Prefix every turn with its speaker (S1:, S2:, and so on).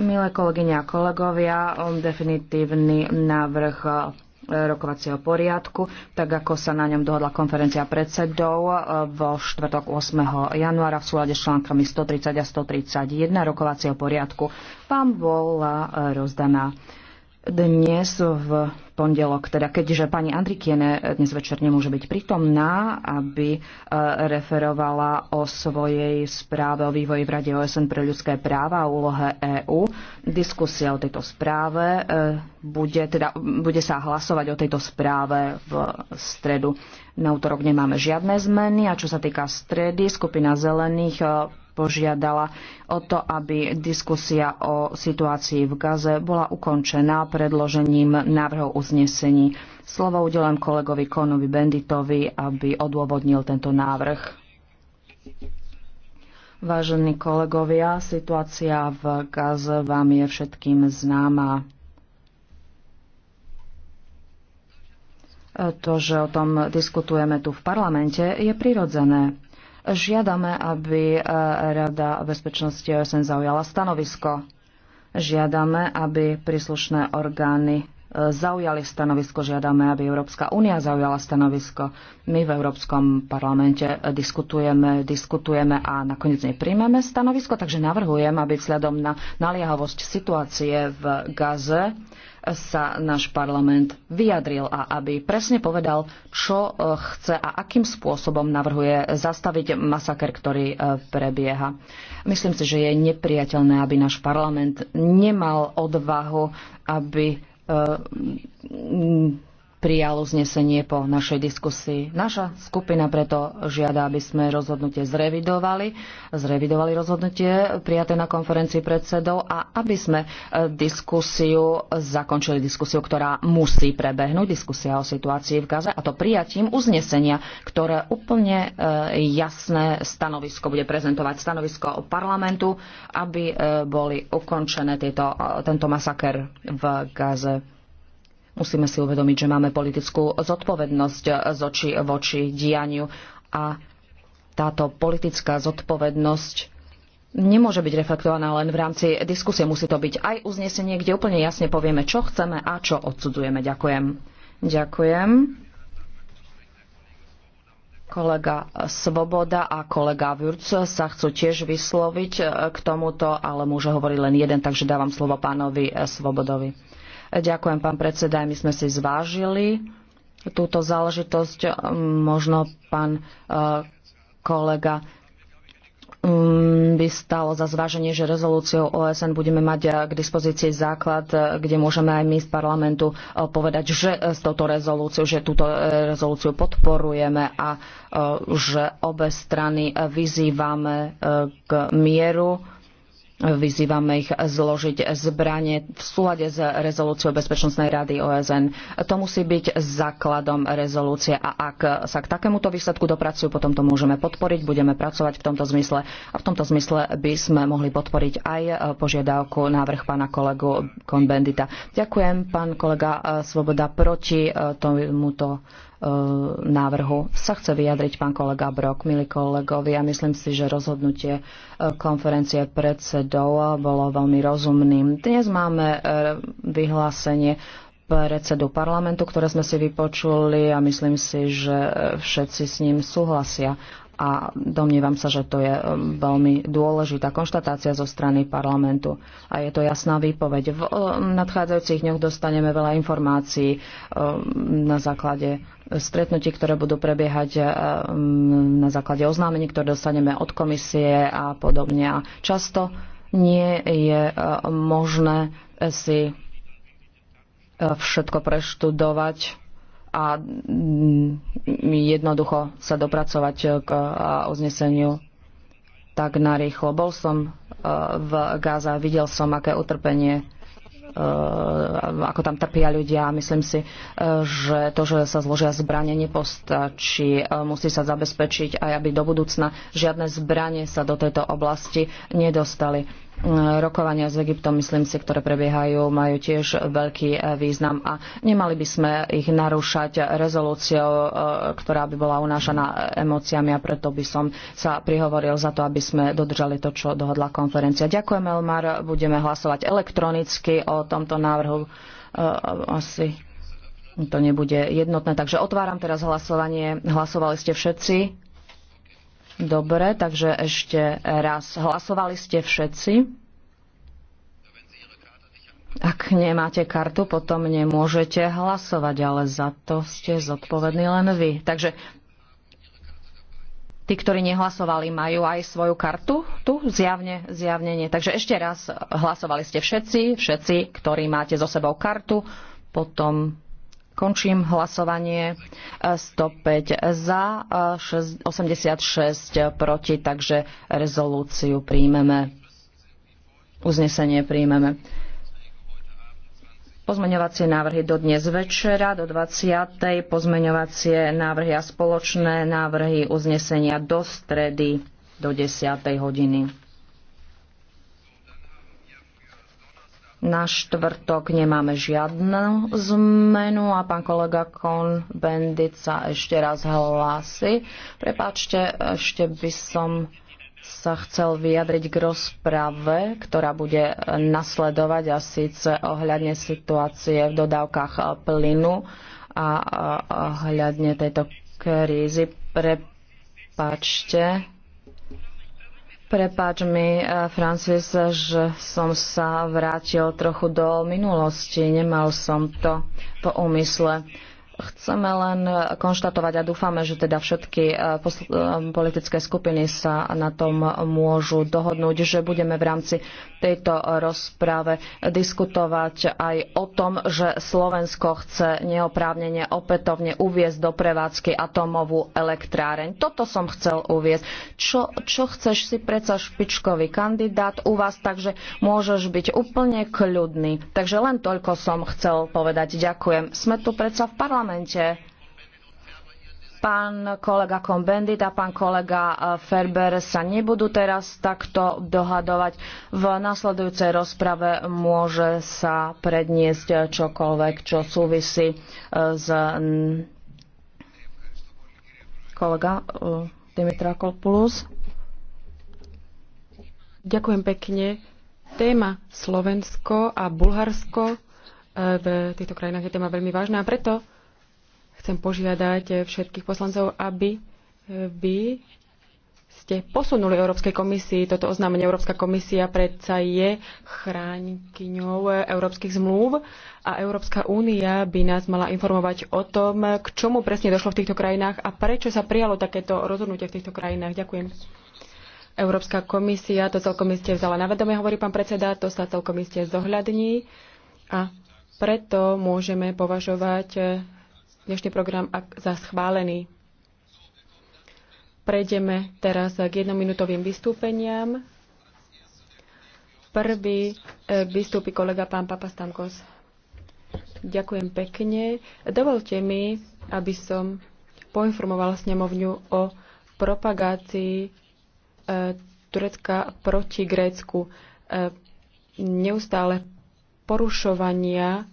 S1: Milé kolegyne a kolegovia, um, definitívny návrh uh, rokovacieho poriadku, tak ako sa na ňom dohodla konferencia predsedov uh, vo štvrtok 8. januára v súlade s článkami 130 a 131 rokovacieho poriadku vám bola uh, rozdaná dnes v pondelok, teda keďže pani Andrikiene dnes večer nemôže byť prítomná, aby e, referovala o svojej správe o vývoji v Rade OSN pre ľudské práva a úlohe EÚ. Diskusia o tejto správe e, bude, teda, bude sa hlasovať o tejto správe v stredu. Na útorok nemáme žiadne zmeny a čo sa týka stredy, skupina zelených e, požiadala o to, aby diskusia o situácii v Gaze bola ukončená predložením návrhov uznesení. Slovo udelám kolegovi Konovi Benditovi, aby odôvodnil tento návrh. Vážení kolegovia, situácia v Gaze vám je všetkým známa. To, že o tom diskutujeme tu v parlamente, je prirodzené. Žiadame, aby e, Rada bezpečnosti OSN zaujala stanovisko. Žiadame, aby príslušné orgány zaujali stanovisko, žiadame, aby Európska únia zaujala stanovisko. My v Európskom parlamente diskutujeme, diskutujeme a nakoniec nepríjmeme stanovisko, takže navrhujem, aby vzhľadom na naliehavosť situácie v Gaze sa náš parlament vyjadril a aby presne povedal, čo e, chce a akým spôsobom navrhuje zastaviť masaker, ktorý e, prebieha. Myslím si, že je nepriateľné, aby náš parlament nemal odvahu, aby uh, prijal uznesenie po našej diskusii. Naša skupina preto žiada, aby sme rozhodnutie zrevidovali, zrevidovali rozhodnutie prijaté na konferencii predsedov a aby sme e, diskusiu zakončili diskusiu, ktorá musí prebehnúť, diskusia o situácii v Gaze a to prijatím uznesenia, ktoré úplne e, jasné stanovisko bude prezentovať stanovisko parlamentu, aby e, boli ukončené tieto, tento masaker v Gaze. Musíme si uvedomiť, že máme politickú zodpovednosť z oči voči dianiu a táto politická zodpovednosť nemôže byť reflektovaná len v rámci diskusie. Musí to byť aj uznesenie, kde úplne jasne povieme, čo chceme a čo odsudzujeme. Ďakujem. Ďakujem. Kolega Svoboda a kolega Vürc sa chcú tiež vysloviť eh, k tomuto, ale môže hovoriť len jeden, takže dávam slovo pánovi eh, Svobodovi. Ďakujem, pán predseda, my sme si zvážili túto záležitosť. Mm, možno pán e, kolega mm, by stalo za zváženie, že rezolúciou OSN budeme mať e, k dispozícii základ, e, kde môžeme aj my z parlamentu povedať, že s touto rezolúciou, že túto rezolúciu podporujeme a že obe strany vyzývame k mieru Vyzývame ich zložiť zbranie v súlade s rezolúciou Bezpečnostnej rady OSN. To musí byť základom rezolúcie a ak sa k takémuto výsledku dopracujú, potom to môžeme podporiť, budeme pracovať v tomto zmysle a v tomto zmysle by sme mohli podporiť aj požiadavku návrh pána kolegu Konbendita. Ďakujem, pán kolega Svoboda, proti tomuto E, návrhu sa chce vyjadriť pán kolega Brok, milí kolegovia. Ja myslím si, že rozhodnutie e, konferencie predsedov bolo veľmi rozumným. Dnes máme e, vyhlásenie predsedu parlamentu, ktoré sme si vypočuli a myslím si, že všetci s ním súhlasia a domnievam sa, že to je um, veľmi dôležitá konštatácia zo strany parlamentu. A je to jasná výpoveď. V um, nadchádzajúcich dňoch dostaneme veľa informácií um, na základe stretnutí, ktoré budú prebiehať na základe oznámení, ktoré dostaneme od komisie a podobne. A často nie je uh, možné si uh, všetko preštudovať a mm, jednoducho sa dopracovať k uzneseniu tak narýchlo. Bol som e, v Gáza, videl som, aké utrpenie e, ako tam trpia ľudia. Myslím si, e, že to, že sa zložia zbranie, nepostačí. Musí sa zabezpečiť aj, aby do budúcna žiadne zbranie sa do tejto oblasti nedostali rokovania s Egyptom, myslím si, ktoré prebiehajú, majú tiež veľký e, význam a nemali by sme ich narúšať rezolúciou, e, ktorá by bola unášaná emóciami a preto by som sa prihovoril za to, aby sme dodržali to, čo dohodla konferencia. Ďakujem, Elmar. Budeme hlasovať elektronicky o tomto návrhu. E, asi to nebude jednotné. Takže otváram teraz hlasovanie. Hlasovali ste všetci? Dobre, takže ešte raz. Hlasovali ste všetci? Ak nemáte kartu, potom nemôžete hlasovať, ale za to ste zodpovední len vy. Takže tí, ktorí nehlasovali, majú aj svoju kartu tu? Zjavne, zjavne nie. Takže ešte raz, hlasovali ste všetci, všetci, ktorí máte so sebou kartu, potom Končím hlasovanie 105 e, za, 86 e, proti, takže rezolúciu príjmeme. Uznesenie príjmeme. Pozmeňovacie návrhy do dnes večera, do 20. Pozmeňovacie návrhy a spoločné návrhy uznesenia do stredy do 10. hodiny. Na štvrtok nemáme žiadnu zmenu a pán kolega Kon Bendit sa ešte raz hlási. Prepáčte, ešte by som sa chcel vyjadriť k rozprave, ktorá bude nasledovať a síce ohľadne situácie v dodávkach plynu a ohľadne tejto krízy. Prepačte. Prepáč mi, eh, Francis, že som sa vrátil trochu do minulosti. Nemal som to po úmysle. Chceme len e, konštatovať a dúfame, že teda všetky e, e, politické skupiny sa na tom môžu dohodnúť, že budeme v rámci tejto rozprave diskutovať aj o tom, že Slovensko chce neoprávnene opätovne uviezť do prevádzky atómovú elektráreň. Toto som chcel uviezť. Čo, čo chceš si predsa špičkový kandidát u vás, takže môžeš byť úplne kľudný. Takže len toľko som chcel povedať. Ďakujem. Sme tu predsa v parlamentu parlamente. Pán kolega Kombendit a pán kolega e, Ferber sa nebudú teraz takto dohadovať. V nasledujúcej rozprave môže sa predniesť čokoľvek, čo súvisí e, s
S2: kolega e, Dimitra Kolpulus. Ďakujem pekne. Téma Slovensko a Bulharsko v týchto krajinách je téma veľmi vážna a preto Chcem požiadať eh, všetkých poslancov, aby by eh, ste posunuli Európskej komisii toto oznámenie. Európska komisia predsa je chránkyňou eh, európskych zmluv a Európska únia by nás mala informovať o tom, k čomu presne došlo v týchto krajinách a prečo sa prijalo takéto rozhodnutie v týchto krajinách. Ďakujem. Európska komisia to celkom iste vzala na vedomie, hovorí pán predseda, to sa celkom iste zohľadní a preto môžeme považovať dnešný program za schválený. Prejdeme teraz k jednominútovým vystúpeniam. Prvý e, vystúpi kolega pán Stankos. Ďakujem pekne. Dovolte mi, aby som poinformovala snemovňu o propagácii e, Turecka proti Grécku. E, neustále porušovania